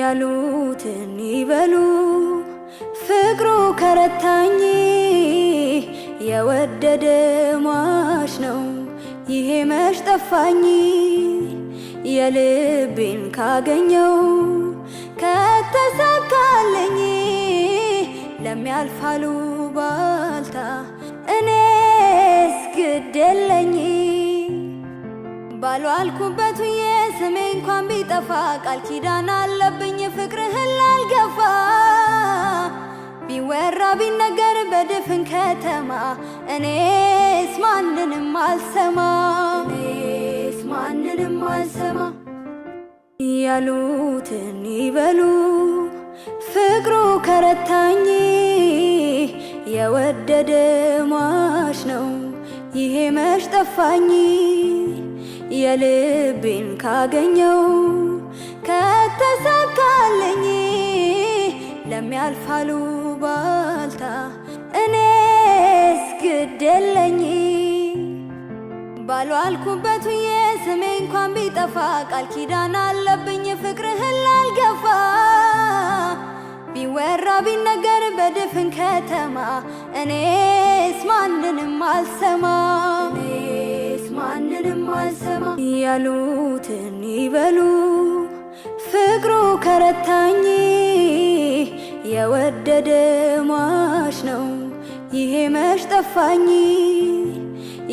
ያሉትን ይበሉ ፍቅሩ ከረታኝ የወደደ ሟች ነው ይሄ መች ጠፋኝ የልቤን ካገኘው ከተሳካለኝ ለሚያልፋሉ ባልታ እኔስ ግድ የለኝ ባሉ አልኩበት ውዬ ስሜ እንኳን ሲጠፋ ቃል ኪዳን አለብኝ ፍቅርህን ላልገፋ ቢወራ ቢነገር በድፍን ከተማ እኔስ ማንንም አልሰማ እኔስ ማንንም አልሰማ ያሉትን ይበሉ ፍቅሩ ከረታኝ የወደደ ሟች ነው ይሄ መች ጠፋኝ የልቤን ካገኘው ከተሳካለኝ ለሚያልፋሉ ባልታ እኔስ ግድ የለኝ ባልዋልኩበት ውዬ ስሜ እንኳን ቢጠፋ ቃል ኪዳን አለብኝ ፍቅርህን ላልገፋ ቢወራ ቢነገር በድፍን ከተማ እኔስ ማንንም አልሰማ ምንም አልሰማ ያሉትን ይበሉ ፍቅሩ ከረታኝ የወደደ ሟች ነው ይሄ መች ጠፋኝ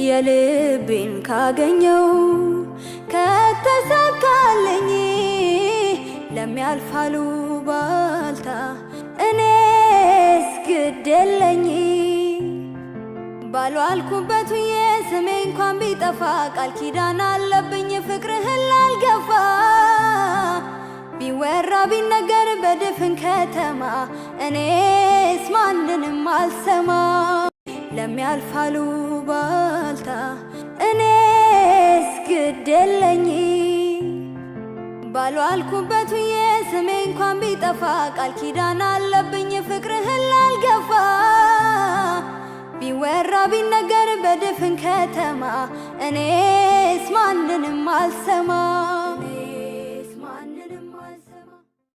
የልቤን ካገኘው ለሚያልፋሉ ባ አልዋልኩበት ውዬ ስሜ እንኳን ቢጠፋ ቃል ኪዳን አለብኝ ፍቅርህን ላልገፋ ቢወራ ቢነገር በድፍን ከተማ እኔስ ማንንም አልሰማ ለሚያልፋሉ ባልታ እኔስ ግድ የለኝ ባልዋልኩበት ውዬ ስሜ እንኳን ቢጠፋ ቃል ኪዳን አለብኝ ፍቅርህን ቢነገር በድፍን ከተማ እኔስ ማንንም አልሰማ